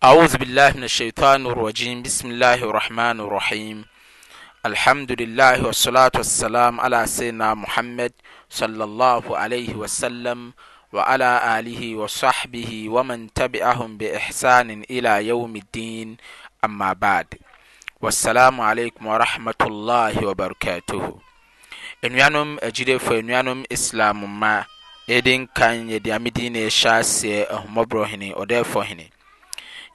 auzu bilah min ashian لrajim bism lah لrahman لrahim ahah s syamhad w w wamanahum behsanin ila yaum din amabad wsalamalkum warahmaةlh wabarakath nm ajidfo nnm islamma edinkan damidi syasɛ humbrini odɛfine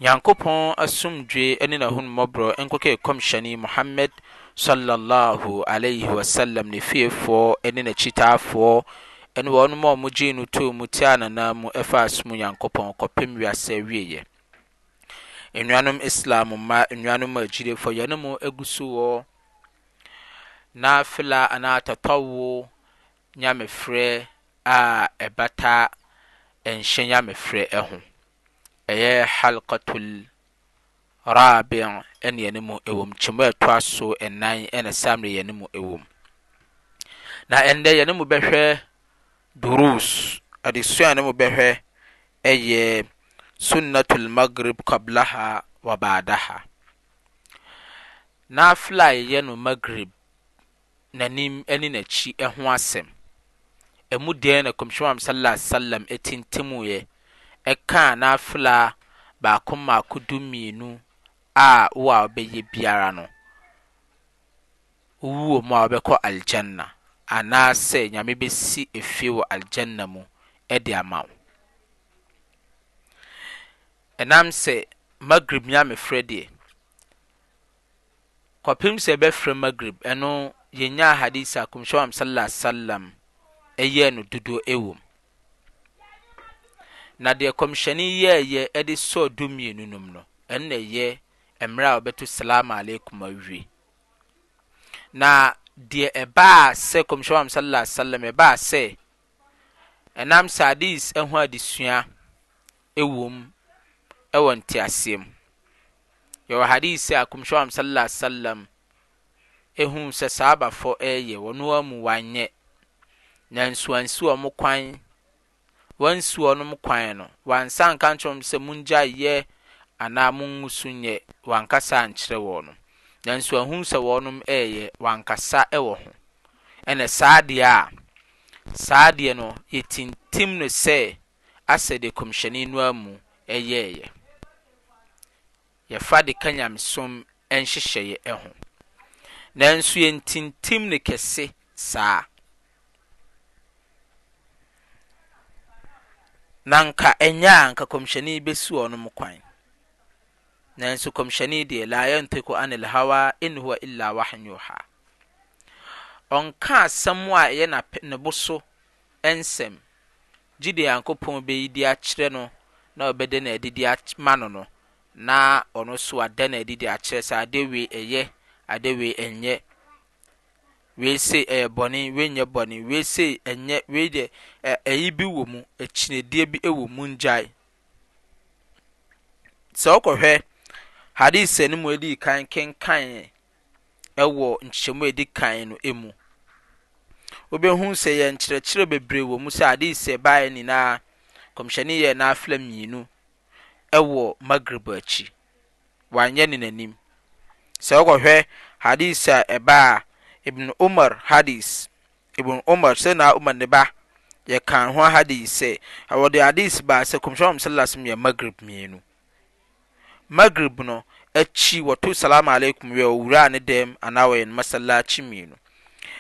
nyankopɔn asomdwe ane nahonmmɔborɔ nkɔke kɔm hyɛne mohamad slh ah wasalam ne fiefoɔ ɛne n'akyitaafoɔ ɛne wɔɔ nom ɔ mu gyei no too mu ti ananaa mu ɛfa som nyankopɔn kɔpem wiasa wieiɛ nnuanom islam ma nnuanom agyidefo yɛnomu agu sowɔ na fela anaa tɔtɔwo nyame frɛ a ɛbata ɛnhyɛ nyame frɛ ho ɛyɛ halkatolrabi ɛne yɛne mu ɛwɔ m nkyimi a ɛto aso ɛnan ne sam de yɛne mu ɛwɔ m na ɛndɛ yɛne mu bɛhwɛ drus ade sua ne mu bɛhwɛ ɛyɛ sunnat lmaghrib kablaha wabaadaha naflayɛ no magrib nanimninakyi ho asɛm mu-deɛ na kɔmhwimam sal salam tentimuɛ ɛkaa naafelaa baakomaakodumienu a wo a wɔbɛyɛ biara no wowuo mu a wɔbɛkɔ aljanna anaasɛ nyame bɛsi afie wɔ alganna mu de ama wo ɛnam sɛ magrib yamefrɛ deɛ kɔpem sɛ ɛbɛfrɛ magrib ɛno yɛnya hadis komhyɛwam salala asalam yɛ no ddo wɔm na deɛ komhyɛne yieyɛ ɛde sɔ dumie nunum no ɛnna ɛyɛ mmerɛ a wɔbɛtu salam alaikum awie na deɛ ɛba a sɛ komisiinam salla salam ɛbaa sɛ ɛnam sɛ hadis aho adesua wom ɛwɔ nteaseɛm yɛwɔ hadise a komsiɛnam salil salam hu sɛ saabafɔ ɛyɛ wɔno aamu wanyɛ nansuansi wɔ mo kwan ansi wɔnom kwan no wansa nka nkyerɛ sɛ mongya yɛ anaa monmu so yɛ wankasa ankyerɛ wɔ nom nanso ahu sɛ wɔɔnom yɛyɛ wankasa wɔ ho ɛnɛ saa deɛ a saa deɛ no yɛtintem no sɛ asɛdeɛ komhyɛnne y no a mu yɛyɛfa de kanyamsom nhyehyɛ ho nanso yɛntintm no kɛse saa na nka ɛnyɛ a nka kɔmhyɛni bɛsi wɔnom kwan nanso kɔmhyɛni deɛ la yantiku anil hawa in huwa ila wahan yuha ɔnka asɛm a ɛyɛ ne bo so nsɛm gye deɛ nyankopɔn bɛyi di akyerɛ no na ɔbɛda no adidi ma no no na ɔno so ada no adidi akyerɛ sɛ adewei ɛyɛ adewei ɛnyɛ wee ɛyɛ eh, bɔne wei bɔne wei ɛnyɛ eh, wei eh, ɛyi bi wɔ mu akyinnedeɛ bi wɔ mu ngyae sɛ wokɔhwɛ hadis no mu adi kan kenkan ɛwɔ nkyɛmu edi kan no emu wobɛhu sɛ yɛ nkyerɛkyerɛ bebree wɔ mu sɛ hadis ɛbaeɛ nyinaa kɔmhyɛne yɛ n'afla mmienu ɛwɔ magreb akyi wanyɛ ne n'anim sɛ a iahadeibnu mar sɛam ne ba yɛ ka ho hadese sɛ ɛwɔde hadise ba sɛ kɔu yɛ magrbmen magrb nkitsalamakmɔwurne anɔyɛmasa kyimeɛn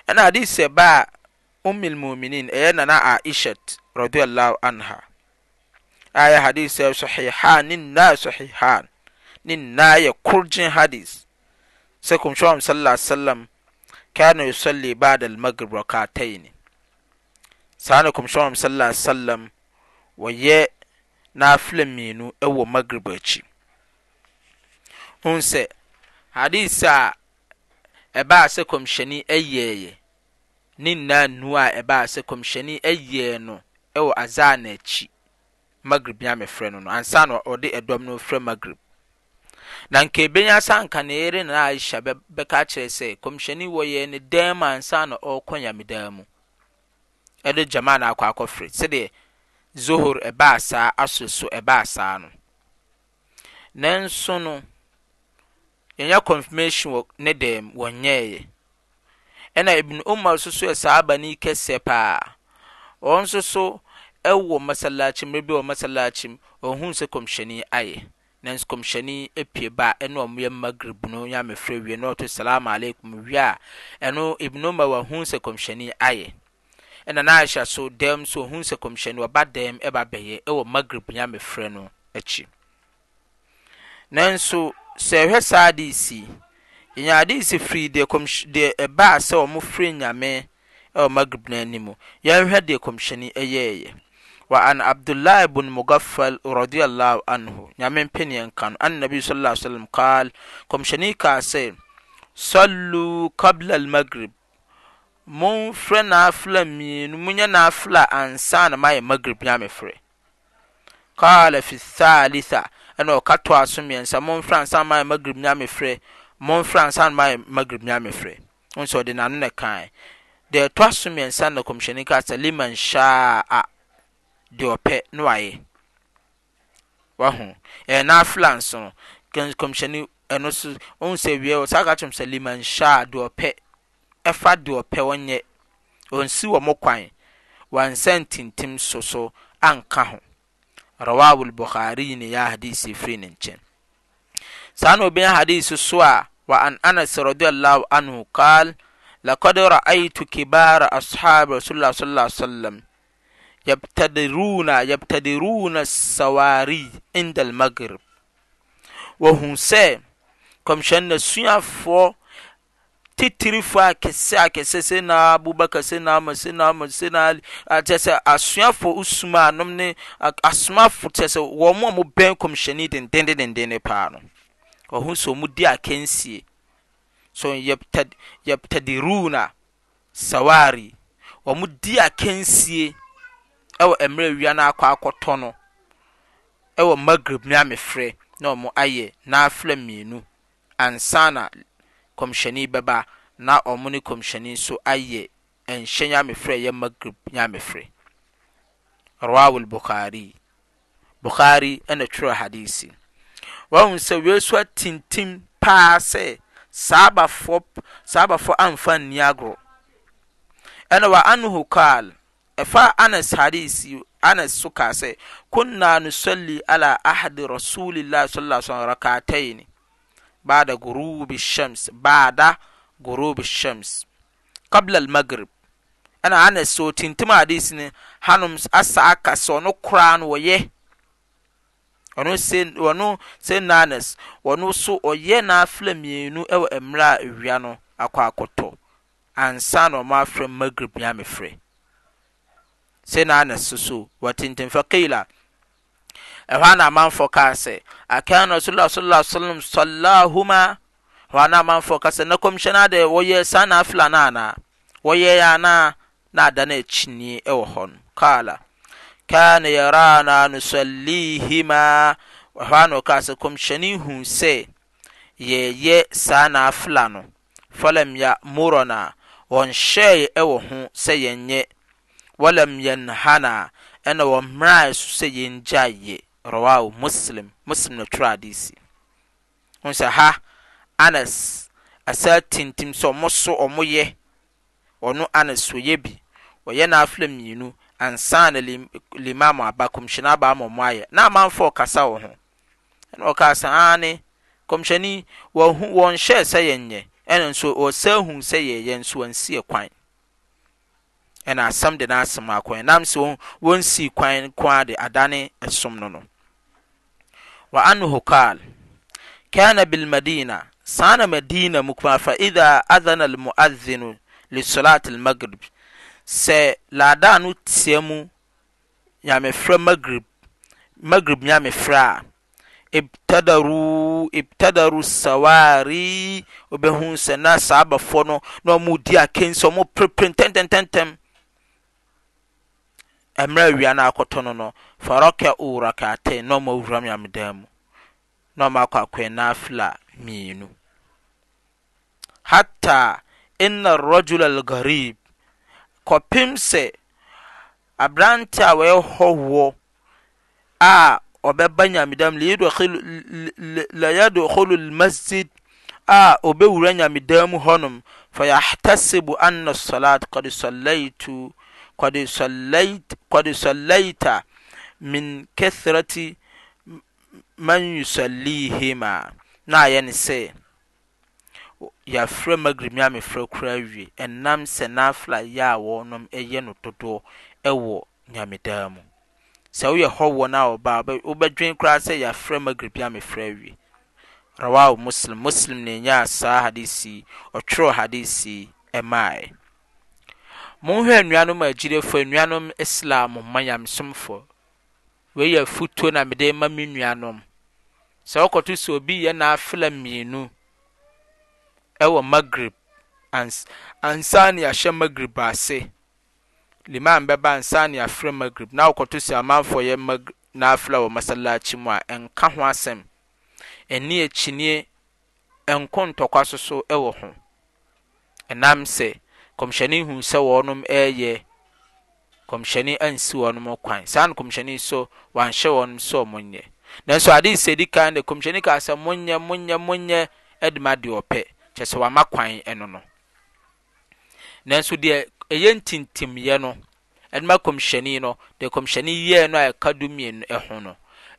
hadise sɛ ba mlmuminin ɛyɛ nanaaisat rayɛ hadi sɛ shehaeseaeyɛ korgen hades sɛ kɔmnsu sasalm cano usuli badel magrib rɔcartai ni saa na kɔmyɛn hm salila salam wɔyɛ naaflammienu wɔ magrib akyi hu sɛ hades a ɛbaa sɛ kɔmhyɛni yɛɛ ne nnaa nu a ɛbaa sɛ kɔmhyɛnii ɛyɛɛ no ɛwɔ azea naakyi magrib nyame frɛ no no ansa na ɔde ɛdɔm no frɛ magrib na nke ebenya sa nka na ere na aisha bɛka kyerɛ sɛ kɔmhyɛni wɔ yɛ ne dan mu ansa na ɔrekɔ nyamedan mu ɛde gyama na akɔ akɔfiri sɛdeɛ zohor ɛbaa saa asoro so ɛbaa saa no nanso no yɛnyɛ confirmation wɔ ne dan mu wɔnyɛɛyɛ ɛna ibn umar nso so e yɛ saa abani kɛseɛ paa wɔn nso so ɛwɔ e masalakyi mmerɛ bi wɔ masalakyi mu ɔhun sɛ kɔmhyɛni ayɛ skɔmhyɛne pie ba ɛne my magrab no nyam frɛwien salamalkum wie ɛno ibnoma wɔahu sɛ kɔmhyɛne ayɛ ɛnanahyɛ so dɛm shu sɛ kɔmyɛni ɔba dɛm babyɛ wɔ magrab nyam frɛ no kyi nanso sɛ hwɛ saade s ynadesi fri deɛba a sɛ ɔ mo frɛ nyame ɔ magrib no ani mu yɛhwɛ deɛ kɔmhyɛne yɛɛ wan abdullah bn mugaffal radilh anh nyamepniɛ ka n an nabi sal salam kal kɔmsyɛnne ka sɛ salu kable almagrib mumfrɛ nafa memy nafla ansana mayɛ magrab yam frɛ ka fi aita nɔka t asomɛsa mfr asny magrb yam frmansny magrb a ɔ smaleman saa deɛ ɔpɛ na wayɛ waho ɛnafla nso no kɔmhyɛne ɛno so ɔhu sɛ wie wɔ saa ka kyerɛm sɛ liman hyɛ a deɛ ɔpɛ ɛfa deɛ ɔpɛ wɔnyɛ ɔnsi wɔ mo kwan wansɛn tintim so so anka ho rawawul bukhari ne ya hadisi firi ne nkyɛn saa na obɛnya hadisi so a wa an anas radiyallahu anhu qal لقد رأيت كبار أصحاب رسول الله صلى الله عليه وسلم yabtadiruna yabtadiruna sawari indal Wa hun sɛ kɔmhyɛn nasuafoɔ titirifoɔ akɛse akɛse sɛ na abubakar sɛ na ama sɛ na ama sɛ na atɛ sɛ Asuafo usuma anom ne asomafo tɛ sɛ wɔn a wɔbɛn kɔmhyɛnni dendendenden ne paa no wɔho sɛ wɔn di akɛnsie so yabtadiruna sawari wɔn di akɛnsie. ɛwɔ mmerɛ wia no akɔ akɔtɔ no ɛwɔ magrib ne amefrɛ na ɔmo ayɛ n'afra mmienu ansa na kɔmhyɛni bɛba na ɔmo ne kɔmhyɛni nso ayɛ nhyɛn amefrɛ yɛ magrib ne amefrɛ rawal bukhari bukhari ɛna twerɛ hadisi wɔn sɛ wiesu atintim paa sɛ saabafoɔ saabafoɔ amfa nni agorɔ ɛna wa anuhu kaal fa ans so ka sɛ kuna nusali ala ahde rasulllahi sa rakatain bada gorub shams baada gorub shams kbleal magrib ɛna anes ɛɔtintim hadise no hanm asaaka sɛ ɔno koraa no wɔyɛ ɔno senna ans wɔno so ɔyɛ naa flammienu ɛwɔ mmerɛ a wia no akɔ akɔtɔ ansa naɔmaafrɛ magrib ma f snnse swtiti fiaɛhɔ na amaf kasɛ akan rasula salsalam sulahomahɔ na maf kasɛ na kɔmhyɛne ade wɔyɛ saa nafla no ana wɔyɛɛna nada n akyini wɔ hɔ nokala kana yarna nusalihima h nkasɛ kɔmhyɛne hu sɛ yɛyɛ saa naa fla no falamya morɔna ɔhyɛɛ ɛwɔ ho sɛ yɛyɛ waamyɛnhana na ɔmmerɛ su sɛ yɛgyayɛ ra musmuslm no trɛdesshansasa titim sɛɔmo soɔmyɛɔno ans y biɔyɛ nafam inu ansana imam aba kɔmyɛne bm aɛ namafo ɔkasa wɔ honɔɛnɔhyɛ sɛ a ɛna asɛm de n'asɛm akɔn nam sɛ wɔn si kwan kwan de adane ɛsom no no wa anhu kaal kana bil madina saa na madina mu kuma fa idha adhana al muadhdhin li salat al maghrib sɛ laada no tia mu nyamefrɛ maghrib maghrib nyamefrɛ a ibtadaru ibtadaru sawari obɛhu sɛ na saa abɛfoɔ no na ɔmo di akensi ɔmo pere pere ntɛntɛntɛntɛm mer win ktɔn nfark rkata nwrydamukɔakɔnafelan hata ina rajul algarib kɔpem sɛ abranti a wɔɛ hɔhɔa ɔbɛba yamedam layadkulu lmasjid bɛwura yamedamu hɔnm fa yahtasib ana slat kd slait قد صليت قد صليت من كثرة من يصليهما na ayɛ ne sɛ yɛafrɛ magrimi a mefrɛ koraa wie ɛnam sɛ naafla yɛ a wɔnom ɛyɛ no dodoɔ ɛwɔ nyamedaa mu sɛ woyɛ hɔwɔ no a ɔba wobɛdwen koraa sɛ yɛafrɛ magrimi a mefrɛ awie rawaw muslim muslim ne ɛnyaa saa hadesi ɔtwerɛ hadesi ɛmaeɛ monhwɛ nnuanom agyidefo anuanom slamo ma nyamsomf weiyɛ fotuo na mede ma me nnuanom sɛ wokɔto sɛ obi yɛ naafla mmienu wɔ magrib ansa neahyɛ magrib ase imaa bɛba ansa neafɛ magrib na oto sɛ amanf yɛ nafa wɔ masalachi mu a ɛnka ho asɛm ɛni akyini nko ntɔkwa soso wɔ hoɛna kɔmhyɛne hu sɛ wɔnom ɛɛyɛ kɔmhyɛne ansi wɔnom kwan saa no kɔmhyɛne so wanhyɛ wɔnom sɛ ɔmo nyɛ nanso ade sɛ di kan de kɔmhyɛne kaa sɛ monyɛ monyɛ monyɛ ɛde ma deɛ ɔpɛ kyɛ sɛ wama kwan ɛno no nanso deɛ ɛyɛ ntintimyɛ no ɛde ma kɔmhyɛne no deɛ kɔmhyɛne yɛɛ no a ɛka du mmienu ɛho no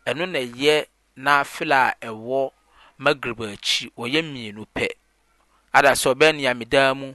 ɛno na ɛyɛ n'afila a ɛwɔ magreba akyi wɔyɛ mmienu pɛ ada sɛ ɔbɛn nea medaa mu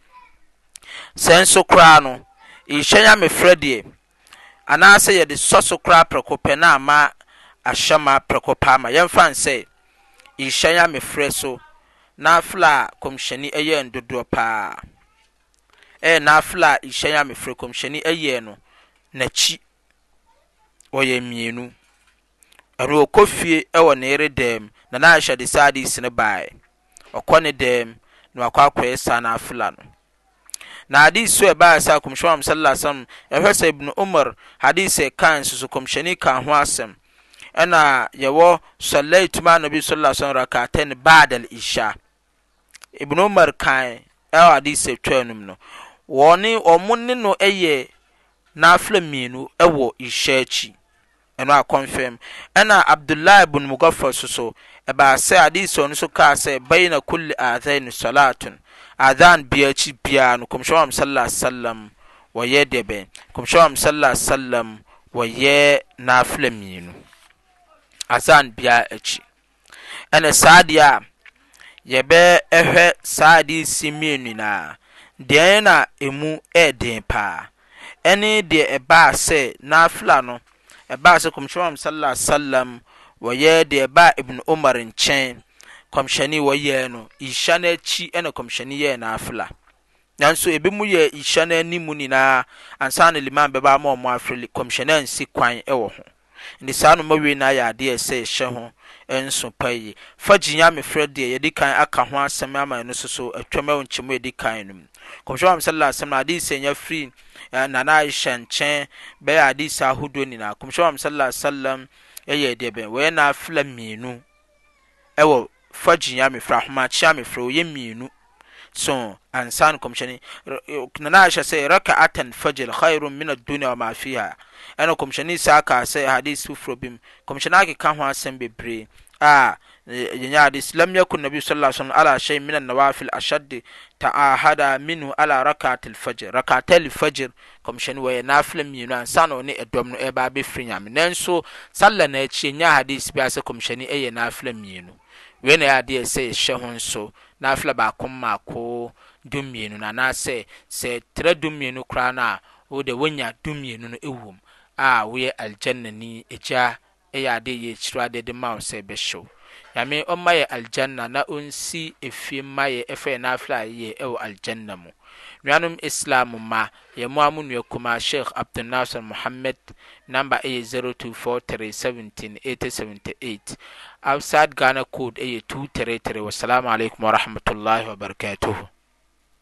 sɛ nso koraa no nhyɛn a mefrɛ deɛ anaasɛ yɛde sɔ so koraa prɛko pɛ na ama ahyɛ ma prɛko pɛ ama yɛmfa nsɛ nhyɛn a so n'afla a kɔmhyɛni ɛyɛ ndodoɔ paa ɛyɛ n'afla a nhyɛn a mefrɛ kɔmhyɛni ɛyɛ no n'akyi wɔyɛ mmienu ɛno ɔkɔ fie ɛwɔ ne yere dɛm na n'ahyɛ de saa de si ne baeɛ ɔkɔ ne dɛm na wakɔ akɔyɛ saa n'afla no na hadis so ɛbaa sɛ akɔmhyɛn wam sala wasallam ɛhwɛ sɛ ibnu umar hadis sɛ kan nsoso kɔmhyɛni ka ho asɛm ɛna yɛwɔ sallaitu ma nabi sala alaihi wasallam rak'atan ba'da al-isha ibnu umar kan ɛwɔ hadis sɛ twa anum no wɔne ɔmo ne no ɛyɛ n'afla mmienu ɛwɔ isha akyi ɛno akɔnfɛm ɛna abdullahi ibn mugaffar soso ɛbaa sɛ hadis a ɔno so kaa sɛ bayna kulli adhain salatun adhan bi akyi biya no kɔmhyɛ wa sallallahu alaihi wasallam wɔyɛ deɛ bɛn wa am sallallahu alaihi wasallam wɔyɛ nafila mmienu adhan biara akyi ɛna saa deɛ a yɛbɛhwɛ saa deɛ si mmienu nina deɛ na emu ɛɛden e paa ɛne deɛ ɛbaa sɛ nafila no ɛbaa e sɛ kɔmhyɛ am sallallahu salam wɔyɛ deɛ ɛbaa ibn umar nkyɛn kɔmsyɛnei wɔ yɛe no yisya no akyi na kɔmsyɛne yɛɛ na afela naso ebi mu yɛ yisya no ani mu eh, nyinaa ansanemaa f ɔmyne kanɛɛɛfa gyiya me frɛ de kan ka o sɛm a fyɛ nkyɛ ɛ s yinaassmnafea fajyame fra makiame ferɛy minu akta far irun min adna ama iane ai sh min naafl a t min kat a n wei na ɛyɛ adeɛ sɛ yɛhyɛ ho so na afla baakomma koɔ dienu no anaasɛ sɛ tra dumienu koraa no a wode woanya dmienu no ɛwɔ m a woyɛ alganani agya yɛ adeɛ yɛ kyirewadede ma wo sɛ ɛbɛhyew nyame ɔmma yɛ alganna na ɔnsi fie mma eɛ ɛfɛ yɛ na afla yɛ wɔ alganna mu nwanum islamuma ya mwamun wakuma sheikh abduلnaser muhammed namba ay 0243 17 878 au sad ghana kode ay 233 wassalamu aleikum warahmatuullahi wabarakatuhu